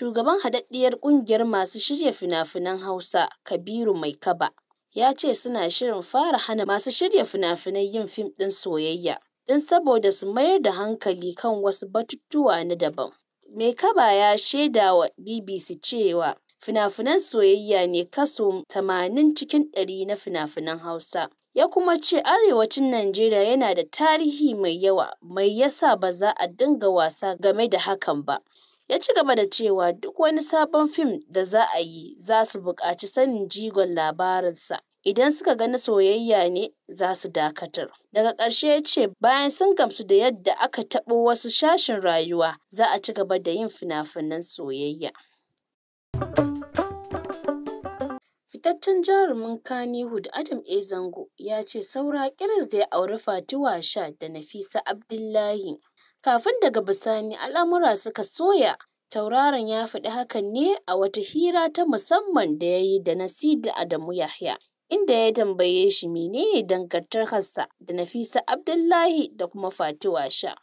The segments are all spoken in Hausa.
Shugaban Haɗaɗɗiyar Ƙungiyar Masu Shirya Fina-finan Hausa, Kabiru Maikaba, ya ce suna shirin fara hana masu shirya fina-finai yin fim ɗin soyayya ɗin saboda su mayar da hankali kan wasu batutuwa na daban. Maikaba ya wa BBC cewa fina-finan soyayya ne kaso 80 cikin ɗari na fina-finan Hausa, ya kuma ce Arewacin Najeriya yana da tarihi mai yawa mai yasa ba za a dinga wasa game da hakan ba. Ya ci gaba da cewa duk wani sabon fim da za a yi za su buƙaci sanin jigon labarinsa, idan suka gani soyayya ne za su dakatar. Daga ƙarshe ya ce bayan sun gamsu da yadda aka taɓo wasu sashin rayuwa za a ci gaba da yin fina-finan soyayya. Fitaccen jarumin Kannywood Adam A. Zango ya ce saura kiris da ya auri Fatiwa sha da Nafisa Abdullahi. kafin daga bisani al'amura suka soya. Tauraron ya faɗi hakan ne a wata hira ta musamman da ya yi da nasida Adamu Yahya, inda ya tambaye shi menene dangantakarsa da Nafisa Abdullahi da kuma Fatuwa Sha.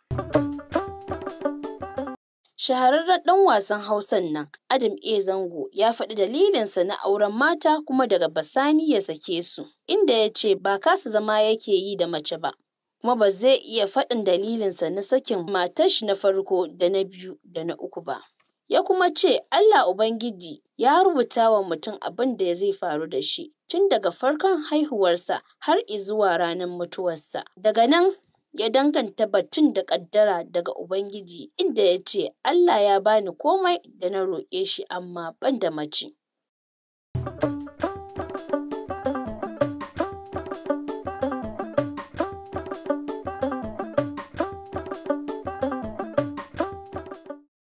Shahararren ɗan wasan Hausan nan, Adam A. Zango, ya faɗi dalilinsa na auren mata kuma daga Basani ya sake su, inda ya ce ba kasa zama yake yi da mace ba, kuma ba zai iya faɗin dalilinsa na sakin matashi na farko da na biyu da na uku ba. Ya kuma ce Allah Ubangiji ya rubuta wa mutum abin da zai faru da shi tun daga farkon haihuwarsa har zuwa ranar mutuwarsa. Daga nan ya danganta batun da ƙaddara daga Ubangiji inda ya ce Allah ya bani komai da na roƙe shi amma ban da mace.